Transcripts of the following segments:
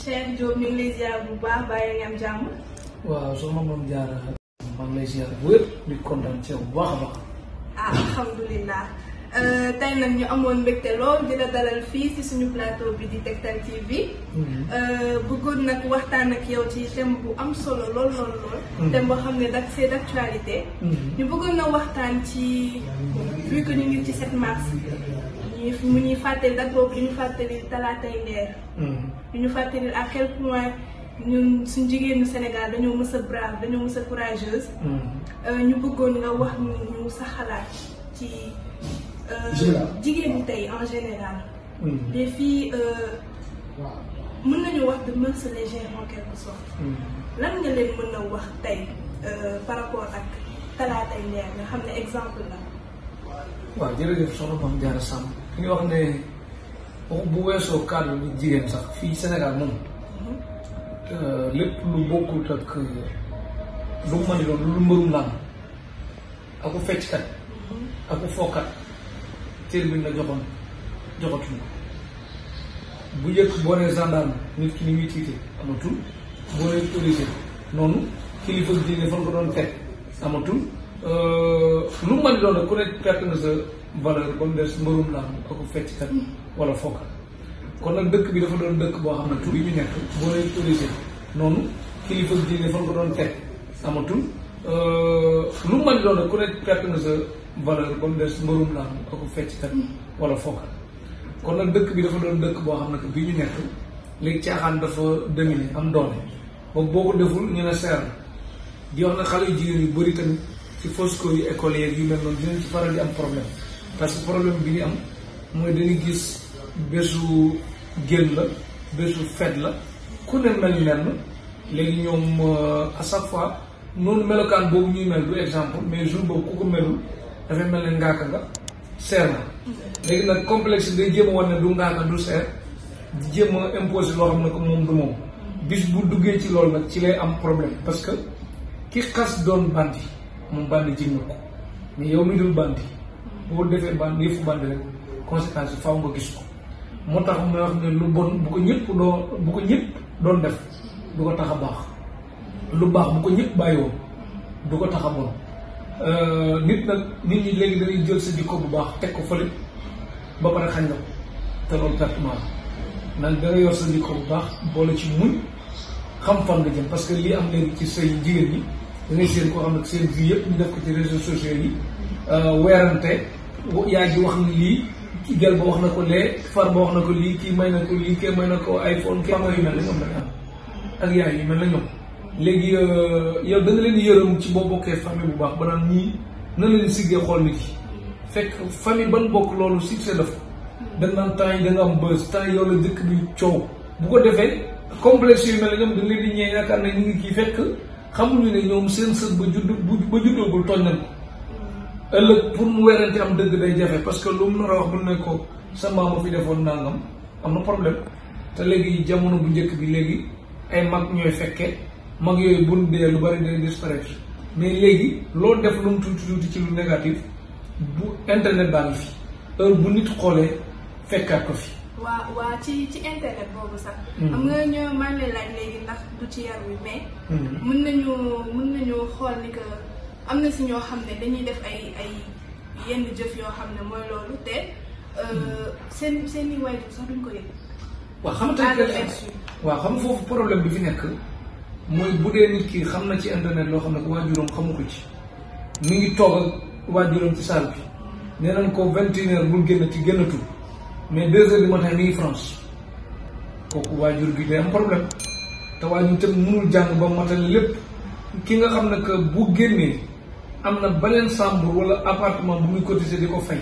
Cheikh Diop ñu bu baax bàyyi nga am jàmm. waaw soxna moom jaar maa ngi lay bu wér di kontaan ci yow bu baax a baax. ah alhamdulilah euh, tey nag ñu amoon mbégte lool di dalal fii ci suñu plateau bi di Tektal TV. Mhm. Euh, bëggoon nag waxtaan ak yow ci thème bu am solo lool lool lool. Mhm. thème xam ne nag c'est d'actualité. Mhm. ñu bëggoon na waxtaan ci vu que ñu ngi ci 7 mars. ñuy mu ñuy fàttali dak boobu li ñu fàttali talaatay ndeer li hmm. ñu fàttali à quel point ñun suñ jigéenu Sénégal dañoo mës a brave dañoo mës a hmm. euh, ñu bëggoon nga wax ñu ñu sa xalaat ci euh, jigéen ñi tey en général hmm. les filles euh, mën nañu wax de mœurs légères en quelque sorte lan nga leen mën a wax tey par rapport ak talaatay ndeer nga xam ne exemple la waaw jërëjëf soxna Mame ñu wax ne bu weesoo cadre bu jigéen sax fii Sénégal moom lépp lu bokkut ak lu mën di doon lu mbërum làmb ak ku fecckat ak ku fookat cër bi nga joxoon joxatuñ ko bu njëkk boo nee nit ki ni muy tiite amatul boo nee policier noonu kilifa diine fan ko doon teg amatul euh, lu mën di doon nag ku ne perte sa valeur ba mu des mbërum làmb ak fecckat wala fokkal kon nag dëkk bi dafa doon dëkk boo xam ne tur yi ñu nekk boo lay kilifa diine fan ko doon teg amatul euh, lu mu mën doon ku ne perte nga sa wala fokkal kon nag dëkk bi dafa doon dëkk boo xam ne que bii ñu nekk léegi caaxaan dafa dominer am doole boobu boo ko deful ñu ne seer di wax ne xale yu jigéen yu bëri tamit ci fosco yu école yeeg yu mel noonu dinañ ci faral di am problème parce que problème bi ñu am mooy dañuy gis bésu génn la bésu fête la ku ne mel nenn léegi ñoom euh, à chaque fois noonu melokaan boobu ñuy mel du exemple mais jour boobu ku ko melul dafay mel ne ngaaka nga seer na léegi nag complexe day jéem a wan ne du ngaaka du seer di jéem a imposé loo xam moom du moom bis bu duggee ci loolu nag ci lay am problème parce que ki xas doon bandi moom bandi jig na ko mais yow mi dul bandi boo defee band yëfu band rek conséquence yi faaw nga gis ko moo tax mu wax ne lu bon bu ko ñëpp doo bu ko ñëpp doon def du ko tax a baax lu baax bu ko ñëpp bàyyi woon du ko tax a bon euh, nit nag nit ñi léegi dañuy jël sa jikko bu baax teg ko fële ba pare xañ la ko te loolu pertement la nag da yor sa jikko bu baax boole ci muñ xam fan nga jëm parce que lii am léegi ci say jigéen ñi da ngay seen ko xam ne seen vie yëpp ñu def ko ci réseau sociaux yi Euh, weerante yaa ngi wax ni lii ci gel ba wax na ko lee far ba wax na ko lii kii may na ko lii kii may na ko iPhone kii yu mel ne ak yaay yu mel ne ñoom léegi euh, yow da nga leen yërëm ci boo bokkee famille bu baax ba naan ñii na leen siggee xool nit yi fekk famille ban bokk loolu succès def ko da nga naan temps yi da la dëkk bi coow bu ko defee complexe yu mel ne ñoom da leen ñee yaakaar ne ñu ngi kii fekk xamuñu ne ñoom seen sët ba judd ba juddoogul tooñ nañ ëllëg pour mu werante am dëgg day jafe parce que lu mu nar a wax bu ne ko sa maam fi defoon nangam am na problème te léegi jamono bu njëkk bi léegi ay mag ñooy fekkee mag yooyu buñ dee lu bari day disparaître mais léegi loo def lu mu tuuti tuuti ci lu négatif bu internet baa ngi fi heure bu nit xoolee fekkaat ko fi. waaw waaw ci ci internet boobu sax. Hmm. xam nga ñoo laaj léegi ndax du ci yar wi mais. Hmm. mën nañu mën nañu xool ni que. am na si ñoo xam ne dañuy def ay ay yenn jëf yoo xam ne mooy loolu te euh, seen seen i waajur sax duñ ko yëg. waaw xam nga waaw xam nga foofu problème bi fi nekk mooy bu dee nit ki xam na ci internet loo xam ne waajuram xamu ko ci mi ngi toog ak waajuram ci salle nee nañ ko vingt et une heures bul génn mais deux heures mi ngi France kooku waajur bi day am problème te waajur tam mënul jàng ba matal lépp ki nga xam ne que bu génnee. am na beneen chambre wala appartement bu muy cotiser di ko fay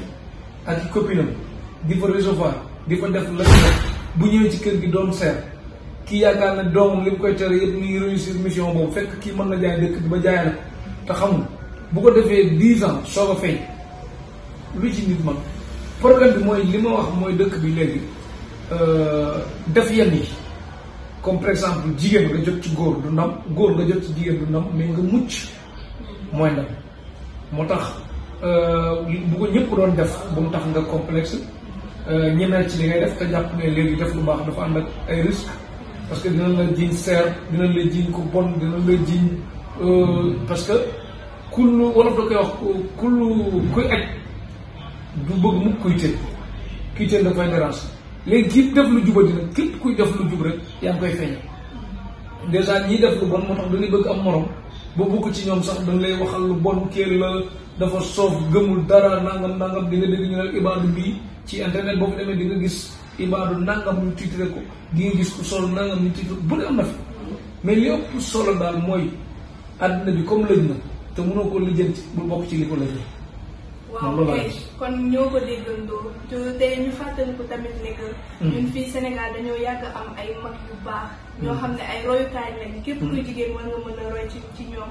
ak i copinam di fa recevoir di fa def la bu ñëwee ci kër gi doon seer kii yaakaar na doomam li mu koy tere yëpp ñuy réussir mission boobu fekk kii mën na jaay dëkk bi ba jaayal te xamul bu ko defee dix ans soo ko fay lu ci nit man problème bi mooy li ma wax mooy dëkk bi léegi euh, def yenn yi comme par exemple jigéen nga jot ci góor du ndam góor nga jot ci jigéen du ndam mais nga mucc mooy moo tax euh, bu ko ñëpp doon def bu mu tax nga complexe euh, ñemeel ci li ngay def te jàpp ne léegi def lu baax dafa ànd ak ay risque parce que dinañ la jiñ seer dinañ la jiñ ku bon dinañ jiñ euh, parce que kullu wolof da koy wax kullu kuy aj du bëgg mukk kuy tëj kuy tëj da koy dérange léegi kii def lu juba dina képp def lu jub rek yaa ngi koy feeñal dèjà ñiy def lu bon moo tax dañuy bëgg am morom ba bugg ci ñoom sax dañ lay waxal lu bon keel la dafa soof gëmul dara nangam nangam di nga dégg ñu ne ibaadu bii ci internet boo ko demee di nga gis ibaadu nangam ñu titre ko di nga gis ku sol nangam ñu titre bu ne am na fi mais li ëpp solo daal mooy àddina bi comme lëj na te mënoo ko lijjanti bul bokk ci li ko lëj na waaw kay kon ñoo ko déggandoo te te ñu fàttaliku tamit ne que. Hmm. ñun fii Sénégal dañoo yàgg am ay mag yu baax. Hmm. ñoo xam ne ay royukaay hmm. képp kuy jigéen war mën a roy ci ci ñoom.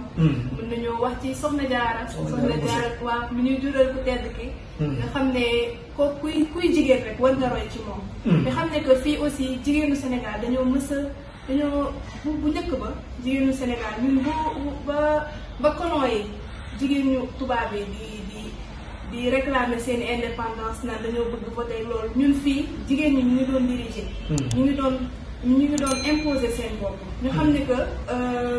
mën nañoo wax ci Soxna Jaara. Soxna Jaara waaw ñuy jural ku tedd xam ne ko kuy kuy jigéen rek war nga roy ci moom. nga xam ne que fii aussi jigéenu Sénégal dañoo mës dañoo bu bu njëkk ba jigéenu Sénégal ñun bu ba ba colon yi jigéen ñu tubaab yi di di. di réclamer seen indépendance naan dañoo bëgg voté loolu ñun fii jigéen ñi ñu ngi doon diriger. Hmm. ñu ngi doon ñu ngi doon imposer seen bopp. ñu xam ne que euh,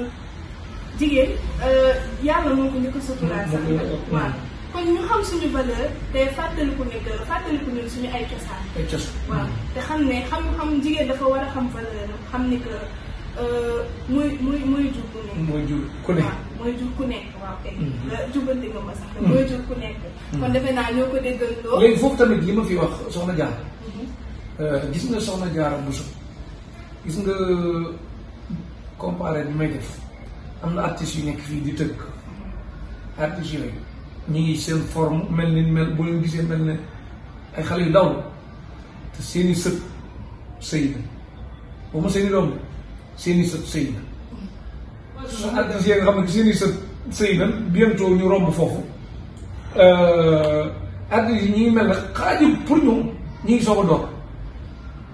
jigéen euh, yàlla moo ko njëkk a suturaal sax hmm. Hmm. kon ñu xam suñu valeur te fàttaliku ne que fàttaliku ñun suñu ay cosaan. te xam ne xam xam jigéen dafa war a xam valeur xam ne que. Euh, muy muy muy jur ku nekk. muy jur ku nekk waaw muy jur ku nekk waaw kay. Mm-hmm. Euh, jubante ma sax. Mm-hmm. muy jur ku nekk. Mm-hmm. kon defe naa ñoo ko déggandoo. léegi foofu tamit li ma fi wax soxna jaar. Euh, gis nga soxna jaar bu su gis nga comparé bi may def am na artistes yu nekk fii di tëgg artistes yooyu ñu ngi seen forme mel ni mel boo leen gisee mel ne ay xale yu ndaw te seeni i sët sëy na ba ma seen i seen i sët sëy na su addisyee nga xam ne seen i sët sëy ñu romb foofu euh, addis yi ñuy mel ne xaaju pour ñoom ñu ngi soog a door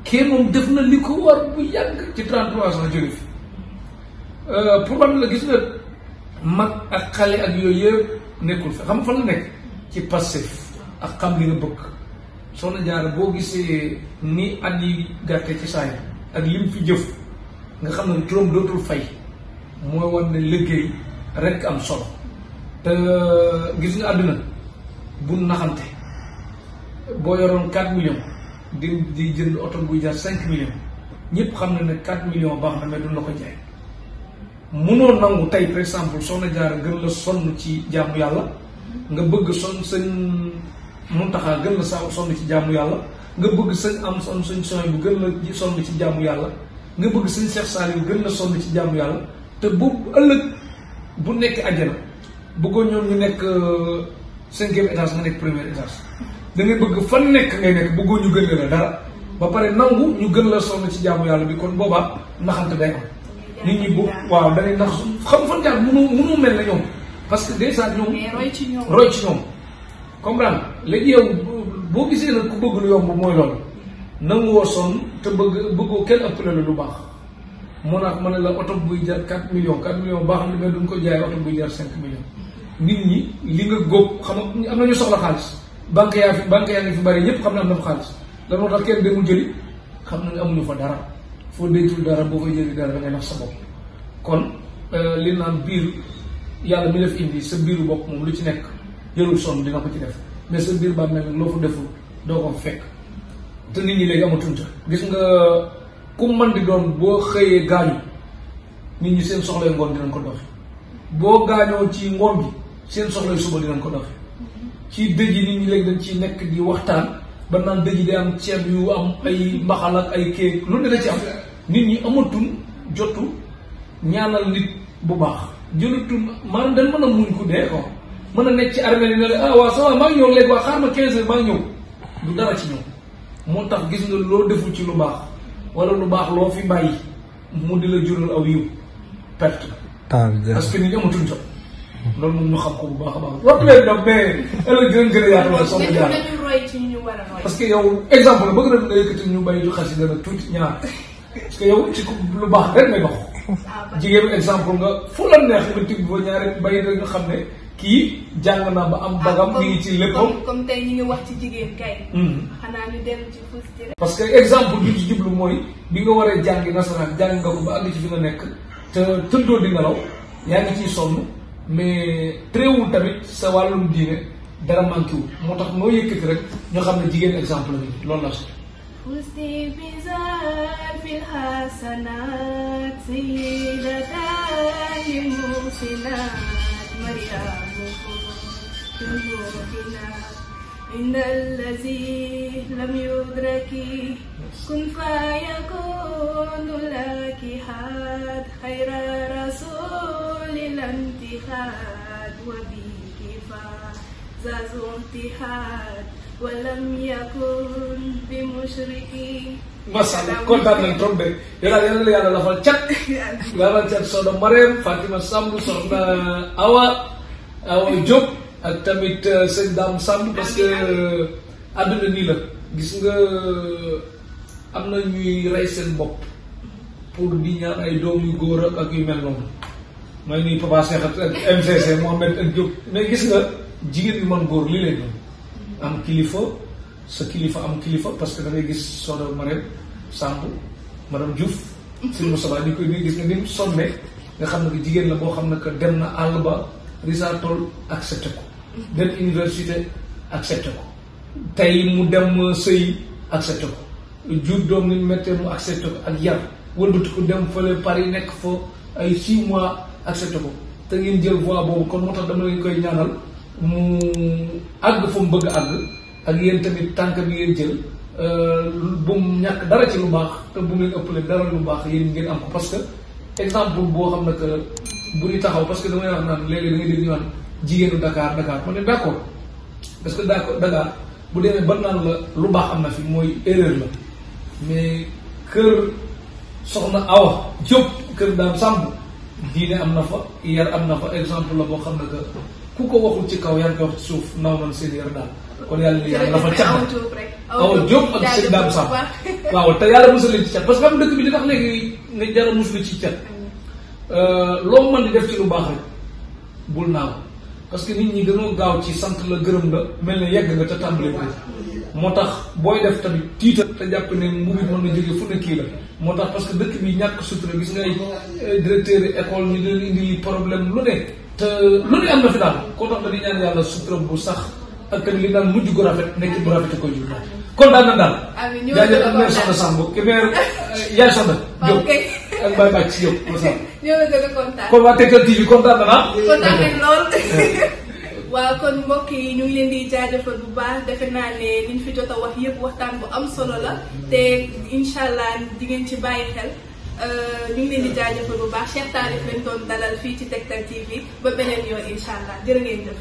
kii moom def na li ko war bu yàgg ci 33 ans jóge fi euh, pour man la gis nga mag ak xale ak yooyu yëpp nekkul fa xam fan la nekk ci passif ak xam li nga bëgg soxna Jaara boo gisee ni at yi gàtte ci saa yi ak lim fi jëf nga xam ne juróom dootul fay mooy war ne liggéey rek am sol te gis nga àdduna bu naxante boo yoroon 4 millions di di jënd oto buy jar 5 millions ñëpp xam na ne 4 millions baax na mais duñ la ko jaay mënoo nangu tey par exemple soxna jaar gën la sonn ci jaamu yàlla nga bëgg son sëñ Muntaxa gën la sa sonn ci jaamu yàlla nga bëgg sëñ am son sëñ soñ bu gën la sonn ci jaamu yàlla nga bëgg sëñ Cheikh Saliou gën la sonn ci jàmm yàlla te bu ëllëg bu nekk àjjana bëggoon ñoom ñu nekk euh, cinquième étage nga nekk premier étage da ngay bëgg fan nekk ngay nekk bëggoon ñu gën la dara ba pare nangu ñu gën la sonn ci jàmm yàlla bi kon boobaa naxante day am nit ñi bu waaw da ngay nax xam fan jaar mënu mënu mel na ñoom parce que déjà ñoom roy ci ñoom comme ci ñoom comprendre léegi yow boo gisee nag ku bëgg lu yomb mooy loolu nanguwoo sonn te bëgg bëggoo kenn ëppale la lu baax moo tax ma ne la oto buy jar 4 millions 4 millions baax na mais duñ ko jaay oto buy jar 5 millions. nit ñi li nga góob xam nga am na ñu soxla xaalis banque yaa yaa ngi fi bari ñëpp xam na am na fa xaalis loolu moo tax kenn demul jëli xam na nga amuñu fa dara foo dentul dara boo fay jëli dara da ngay nax sa bopp kon euh, li naan biir yàlla mi def indi sa biiru bopp moom lu ci nekk jërul sonn dina ko ci def mais sa biir bàmmeel nag loo fa deful doo te nit ñi léegi amatuñ ca gis nga ku man di doon boo xëyee gaañu nit ñi seen soxlay ngoon dinañ ko doxi boo gaañoo ci ngoon bi seen soxlay suba dinañ ko doxi ci dëj yi nit ñi léegi dañ ci nekk di waxtaan ba naan dëj yi day am ceeb yu am ay mbaxal ak ay kéeg loolu dina ci am nit ñi amatuñ jotu ñaanal nit bu baax jëlutum maanaam dañ mën a muñ ku dee ko mën a nekk ci armée yi ne la ah waa ça va maa ñëw léegi waa xaar ma 15 heures ñëw du dara ci ñëw moo tax gis nga loo deful ci lu baax wala lu baax loo fi bàyyi mu di la jural aw yiw perte parce que nit ñi jot hmm. loolu moom ñu xam ko bu baax a baax waxtu leen dem mais a parce que yow exemple la bëgg na nga yëkkati ñu bàyyi du xasida nag yow lu baax rek ngay dox ah, jigéen exemple nga fu la neex nga tibb ñaar ñaari bàyyi da xam ne kii jàng na ba am bagam. mi ngi ci ah, léppam comme comme tey ñu ngi wax ci jigéen kay. Hmm. xanaa ñu parce que exemple bi ci jublu mooy bi nga waree jàngi nasaraan jàng nga ko ba àgg ci fi nga nekk te tëddoo di nelaw yaa ngi ciy sonn mais tréewul tamit sa wàllum diine dara manqué wul moo tax noo yëkkati rek ñoo xam ne jigéen exemple la loolu la si. مريم كلنا إن الذي لم يدرك كن فيكون لك حاد خير رسول الانتخاب وبي ذات امتحان ولم يكن بمشركين masha Allah kontaan nañ trop de yàlla yàlla la yàlla lafal cat lafal cat soxna Marème Fatima Samb soxna Awa Awa Diop ak tamit sëñ Dame Samb parce que àdduna la gis nga am na ñuy rey seen bopp pour di ñaan ay doom yu góor ak yu mel noonu mooy nii Papa Cheikh ak MCC Mohamed ak Diop mais gis nga jigéen bi man góor li lay doon am kilifa sa kilifa am kilifa parce que da ngay gis sodo Marème Samb madame ma sëñ Moussa Ba ni koy nii gis nga ni sonne nga xam ne jigéen la boo xam ne que dem na àll ba Richard Toll accepté ko dem université accepté ko tey mu dem sëy accepté ko jur doom ni méttee mu accepté ko ak yar wëlbati ko dem par yi nekk fa ay six mois accepté ko te ngeen jël voie boobu kon moo tax dama leen koy ñaanal mu àgg fu mu bëgg àgg ak yéen tamit tànk bi ngeen jël euh, bu mu ñàkk dara ci lu baax te bu ngeen ëppale dara lu baax yéen ngeen am ko parce que exemple boo xam na que bu ñu taxaw parce que damay wax naan léeg-léeg da ngay dégg ñu naan parce que d' accord Dakar la lu baax am na fi mooy erreur mais kër soxna Awa Diop kër daam sàmb diine am na fa yar am na fa exemple la boo xam ne que. ku ko waxul ci kaw yan ko wax ci suuf naw nañ seen yar daal kon yàlla li yàlla dafa cat aw jóg ak sëñ daam sax waaw te yàlla musal leen ci cat parce que li tax léegi a muslu ci cat euh, loo mën di def ci lu baax rek bul naaw parce que nit ñi gënoo gaaw ci sant la gërëm la mel ne yegg nga te tàmbali ko moo tax booy def tamit tiital te jàpp ne mbubi mën na jóge fu ne kii la moo tax parce que dëkk bi ñàkk sutura gis ngay euh, directeur école ñu leen indi li problème lu ne te loolu yàlla fi daal koo tax na di ñaan yàlla sutura bu sax ak li daal mujj gu nekk bu rafet jur daal kon daal na daal. amiin ñëw ak mère Soxna Samb ki mère euh, yaay Soxna Diop ak la a kontaan kon waa Tektal TV ah? lool. Eh. waaw kon mbokk yi ñu ngi leen di jaajëfal bu baax defe naa ne liñ fi jot a wax yëpp waxtaan bu am solo la te incha allah di ngeen ci bàyyi xel. Euh, ñu ngi leen di jaajëfal bu baax Cheikh Talif lañ doon dalal fii ci Tektal TV ba beneen yoon incha allah jërë ngeen jëf.